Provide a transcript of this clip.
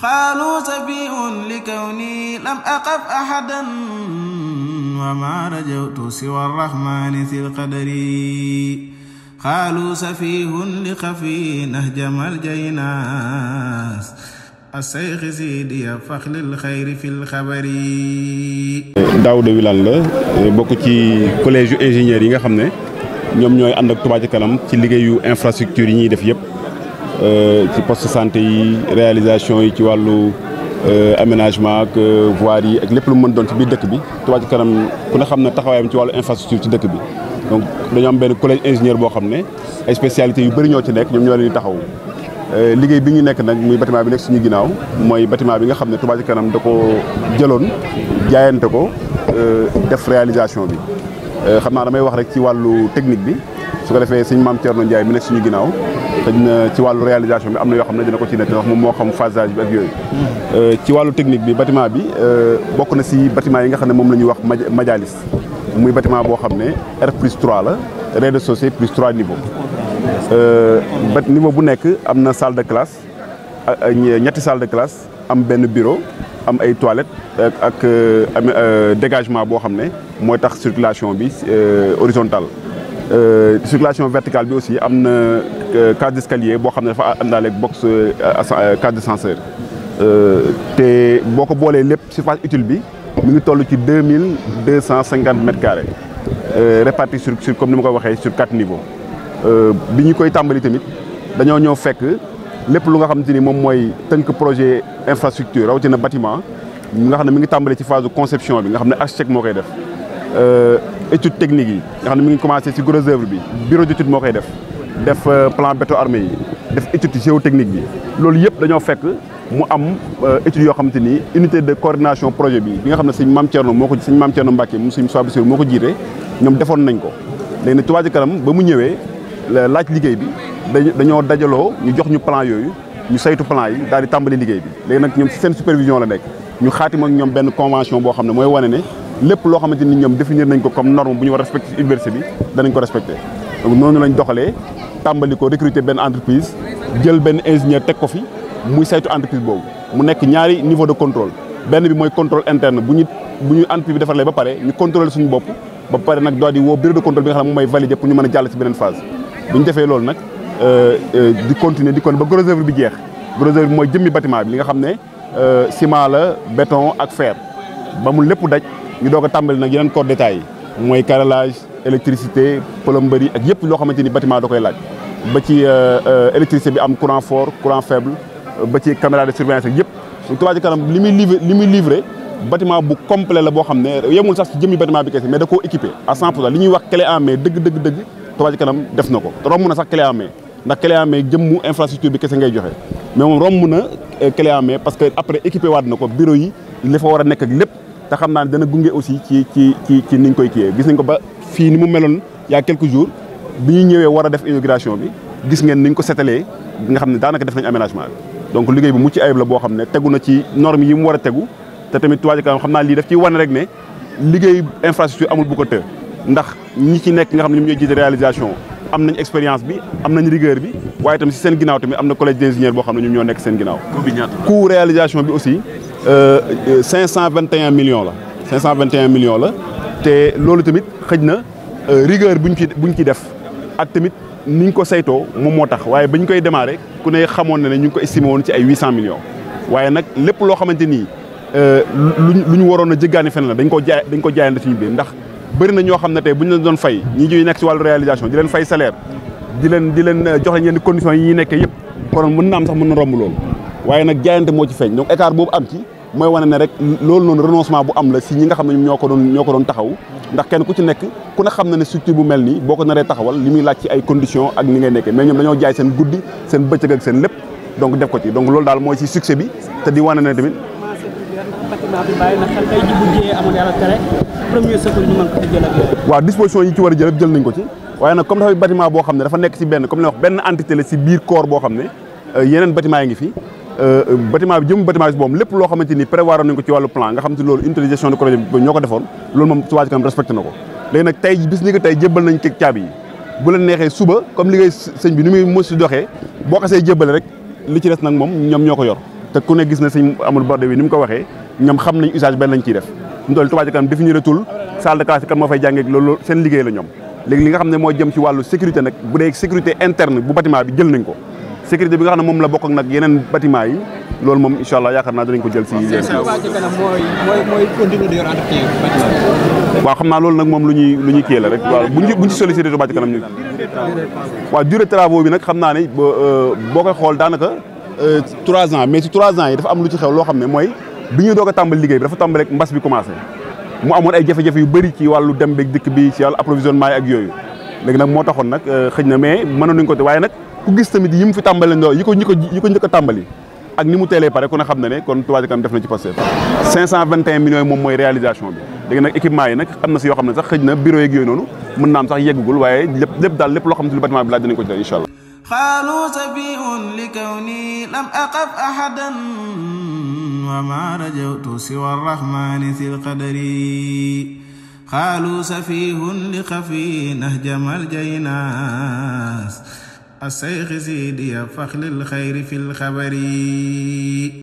قالوا سبيء لكوني لم أقف أحدا وما رجوت سوى الرحمن ذي القدر قالوا سفيه لخفي نهجم الجيناس الشيخ سيدي فخل الخير في الخبر Daouda Wilane la eh, bokk ci collège ingénieur yi nga xam ne ñoom ñooy ànd ak Touba Ca ci liggéeyu infrastructure yi ñuy def yépp Euh, ci poste santé yi réalisation yi ci wàllu euh, aménagement ak euh, voirie yi ak lépp lu mën doon ci biir dëkk bi Touba Ca Kanam ku ne xam ne taxawaayam ci wàllu infrastructure ci dëkk bi donc dañoo am benn collège ingénieur boo xam ne ay spécialités yu bëri ñoo ci nekk ñoom ñoo leen di taxaw liggéey bi ñu nekk nag muy bâtiment bi nekk suñu ginnaaw mooy bâtiment bi nga xam ne Touba Ca Kanam da ko jëloon jaayante ko def réalisation bi xam naa damay wax rek ci wàllu technique bi su ko defee sëñ maam Thierno Ndiaye mi nekk suñu ginnaaw xëy na ci wàllu réalisation bi am na yoo xam ne dina ko ci nekk ndax moom moo xam phasage bi ak yooyu hmm. euh, ci wàllu technique bi bâtiment bi euh, bokk na si bâtiment yi nga xam ne moom la ñuy wax majalis muy batiment boo xam ne R plus 3 la rez-de-chaussée plus 3 niveau hmm. euh, ba niveau bu nekk am na salle de classe ñetti salle de classe am benn bureau am ay toilettes ak am dégagement boo xam ne mooy tax circulation bi horizontale Euh, circulation verticale bi aussi am na euh, cage d'escalier boo xam ne dafa àndaale ak box euh, cage d'ascenseur te boo ko boolee lépp ci surface utile bi mu ngi toll ci deux mille deux cent cinquante mètres carrés répartis sur comme ni ma ko waxee sur quatre niveaux. bi ñu koy tàmbali tamit dañoo ñëw fekk lépp lu nga xamante ni moom mooy tënk projet infrastructure rawatina bâtiment nga xam ne mi ngi tàmbali ci phase de conception bi nga xam ne architecte moo koy def. Euh, étude technique yi nga xam ne mi ngi commencé si gros œuvre bi bureau d'étude moo koy def def euh, plan béton armé yi def étude géotechnique bi loolu yëpp dañoo fekk mu am euh, étude yoo xamante ni unité de coordination projet bi bi nga xam ne sëñ Mame Thierno moo ko sëñ Mame Thierno Mbacke mu sëñ Souhaibou Sow moo ko jiite ñoom defoon nañ ko léegi nag Touba Ca Kanam ba mu ñëwee laaj liggéey bi dañoo dajaloo ñu jox ñu plan yooyu ñu saytu plan yi daal di tàmbali liggéey bi léegi nag ñoom si seen supervision la nekk ñu xaatim ak ñoom benn convention boo xam ne mooy wane ne lépp loo xamante ni ñoom définir nañ ko comme norme bu ñu war respecté ci université bi danañ ko respecté donc noonu lañ doxalee tàmbali ko recruter benn entreprise jël benn ingénieur teg ko fi muy saytu entreprise boobu mu nekk ñaari niveau de contrôle benn bi mooy contrôle interne bu ñu bu ñu entreprise bi defarlee ba pare ñu contrôler suñu bopp ba pare nag doo di woo bureau de contrôle bi nga xam ne moom mooy valider pour ñu mën a jàll ci beneen phase bu ñu loolu nag euh, euh, di continuer di kon ba gros œuvre bi jeex gros œuvre bi mooy jëmmi bâtiment bi nga xam ne euh, ciment la béton ak fer ba mu lépp daj ñu doog a tàmbali nag yeneen corps d'état yi mooy carrelage électricité plomberie ak yëpp loo xamante ni bâtiment da koy laaj ba ci euh, euh, électricité bi am courant fort courant faible ba ci caméra de surveillance ak yëpp donc Kanam li muy livré li muy livré bâtiment bu complet la boo xam ne yemul sax si jëmmi bâtiment bi kese mais da koo équipé à 100 li ñuy wax clé en main dëgg dëgg dëgg Touba Ca Kanam def na ko romb na sax clé en main ndax clé en jëmmu bi kese ngay joxe mais romb na euh, clé en main parce que après équipé waat na ko bureau yi li fa war a nekk lépp te xam naa ne dana gunge aussi ci ci ci ci niñ koy kiyee gis nañ ko ba fii ni mu meloon y' a quelques jours bi ñu ñëwee war a def inauguration bi gis ngeen niñ ko setalee nga xam ne daanaka def nañ aménagement bi donc liggéey bu mucc ayib la boo xam ne tegu na ci norme yi mu war a tegu te tamit Touba Ca Kanam xam naa lii daf ciy wane rek ne liggéey infrastructure amul bu ko të ndax ñi ci nekk nga xam ne ñoom ñooy jiite réalisation am nañ expérience bi am nañ rigueur bi waaye tamit si seen ginnaaw tamit am na collège d' ingénieur boo xam ne ñoom ñoo réalisation bi aussi Euh, euh, cinq cent vingt et un la cinq cent vingt et un la te loolu tamit xëj na euh, rigueur buñ ci buñ ci def ak tamit niñ ko saytoo moom moo tax waaye bañ koy démarrer ku ne xamoon na ne ñu ngi ko estimé woon ci ay huit cent millions waaye nag lépp loo xamante nii luñ lu ñu waroon a jëggaani fenn la dañ ko jaay dañ ko jaayante suñu biir ndax bëri na ñoo xam ne tey bu ñu leen doon fay ñi ñuy nekk si wàllu réalisation di leen fay salaire di leen di leen jox leen yenn yi ñuy nekkee yëpp konoon mën na am sax mën na romb loolu waaye nag jaayante moo ci feeñ donc boobu am ci mooy wane ne rek loolu noonu renoncement bu am la si ñi nga xam ne ñoo ko doon ñoo doon taxaw ndax kenn ku ci nekk ku ne xam na ne structure bu mel nii boo ko naree taxawal li muy laaj ci ay conditions ak ni ngay nekkee mais ñoom dañoo jaay seen guddi seen bëccëg ak seen lépp donc def ko ci donc loolu daal mooy si succès bi te di wane ne tamit. waaw disposition yi ci war a jël jël nañ ko ci waaye nag comme dafay bâtiment boo xam ne dafa nekk si benn comme li wax benn entité si biir corps boo xam ne euh, yeneen bâtiment ngi fi Euh, euh, bâtiment bi jëm bâtiment bi boobu lépp loo xamante ni prévoir nañ ko ci wàllu plan nga xam te loolu unité de gestion de projet bi ñoo ko defoon loolu moom Touba Kanam respecté na ko léegi nag tey bis ni ko tey jébbal nañ keg caabi yi bu leen neexee suba comme liggéey sëñ bi ni muy mos si doxee boo xasee jébbale rek li ci def nag moom ñoom ñoo ko yor te ku ne gis na sëñ Amadou Bardé bi ni mu ko waxee ñoom xam nañ usage benn lañ ciy def ñu toll Touba Ca Kanam définir tul salle de classe jàngee loolu seen liggéey la ñoom léegi li nga xam ne moo jëm ci wàllu sécurité nag bu dee sécurité interne bu bâtiment bi jël nañ ko sécurité bi nga xam ne moom la bokk ak nag yeneen bâtiment yi loolu moom incha allah yaakaar naa dinañ ko jël si. waaw xam naa loolu nag moom lu ñuy lu ñuy kii la rek waaw bu ci buñ ci sollicité Touba Ca Kanam ñu. waaw durée travaux bi nag xam naa ne euh, boo koy xool daanaka euh, trois ans mais ci trois ans yi dafa am lu ci xew loo xam ne mooy bi ñuy doog a tàmbali liggéey bi dafa tàmbali rek mbas bi commencé. mu amoon ay jafe-jafe yu bëri ci wàllu dem beeg dikk bi ci wàllu approvisionnement ak yooyu léegi nag moo taxoon nag euh, xëy na mais mënoon nañu ko waaye nag ku gis tamit yi mu fi tàmbale ndaw yi ko ñi ko ñi ko tàmbali ak ni mu teele pare ku ne xam ne ne kon Touba Ça Kanam def na ci Pastef 521 millions moom mooy réalisation bi léegi nag équipement yi nag am na si yoo xam ne sax xëj na bureau yeeg yooyu noonu mën naam sax yeggagul waaye lépp lépp daal lépp loo xam ne lu bâtiment bi laaj dinañ ko ci def incha allah xaalu safiun li kawni lam aqaf ahadan wa ma si lqadari xaalu safihun li السيخ زيدي فخل الخير في الخبر